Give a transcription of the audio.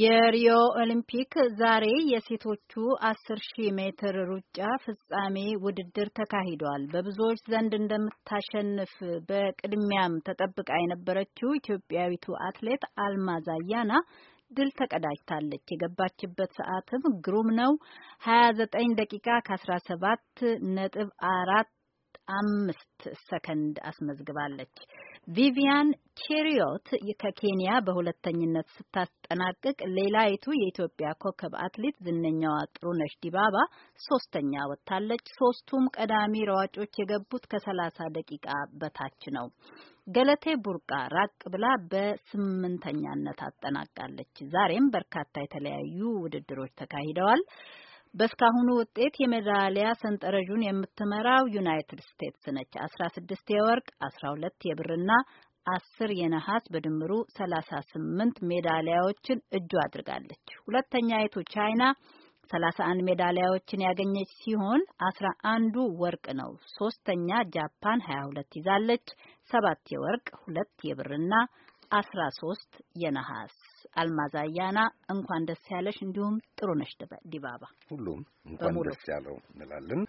የሪዮ ኦሊምፒክ ዛሬ የሴቶቹ አስር ሺህ ሜትር ሩጫ ፍጻሜ ውድድር ተካሂዷል። በብዙዎች ዘንድ እንደምታሸንፍ በቅድሚያም ተጠብቃ የነበረችው ኢትዮጵያዊቱ አትሌት አልማዝ አያና ድል ተቀዳጅታለች። የገባችበት ሰዓትም ግሩም ነው። 29 ደቂቃ ከ17 ነጥብ 4። አምስት ሰከንድ አስመዝግባለች። ቪቪያን ቼሪዮት ከኬንያ በሁለተኝነት ስታስጠናቅቅ፣ ሌላይቱ የኢትዮጵያ ኮከብ አትሌት ዝነኛዋ ጥሩነሽ ዲባባ ሶስተኛ ወጥታለች። ሶስቱም ቀዳሚ ሯጮች የገቡት ከሰላሳ ደቂቃ በታች ነው። ገለቴ ቡርቃ ራቅ ብላ በስምንተኛነት አጠናቃለች። ዛሬም በርካታ የተለያዩ ውድድሮች ተካሂደዋል። በእስካሁኑ ውጤት የሜዳሊያ ሰንጠረዡን የምትመራው ዩናይትድ ስቴትስ ነች። አስራ ስድስት የወርቅ አስራ ሁለት የብርና አስር የነሐስ በድምሩ ሰላሳ ስምንት ሜዳሊያዎችን እጁ አድርጋለች። ሁለተኛይቱ ቻይና ሰላሳ አንድ ሜዳሊያዎችን ያገኘች ሲሆን አስራ አንዱ ወርቅ ነው። ሶስተኛ ጃፓን ሀያ ሁለት ይዛለች። ሰባት የወርቅ ሁለት የብርና አስራ ሶስት የነሐስ አልማዛያና እንኳን ደስ ያለሽ፣ እንዲሁም ጥሩ ነሽ ዲባባ ሁሉም እንኳን ደስ ያለው እንላለን።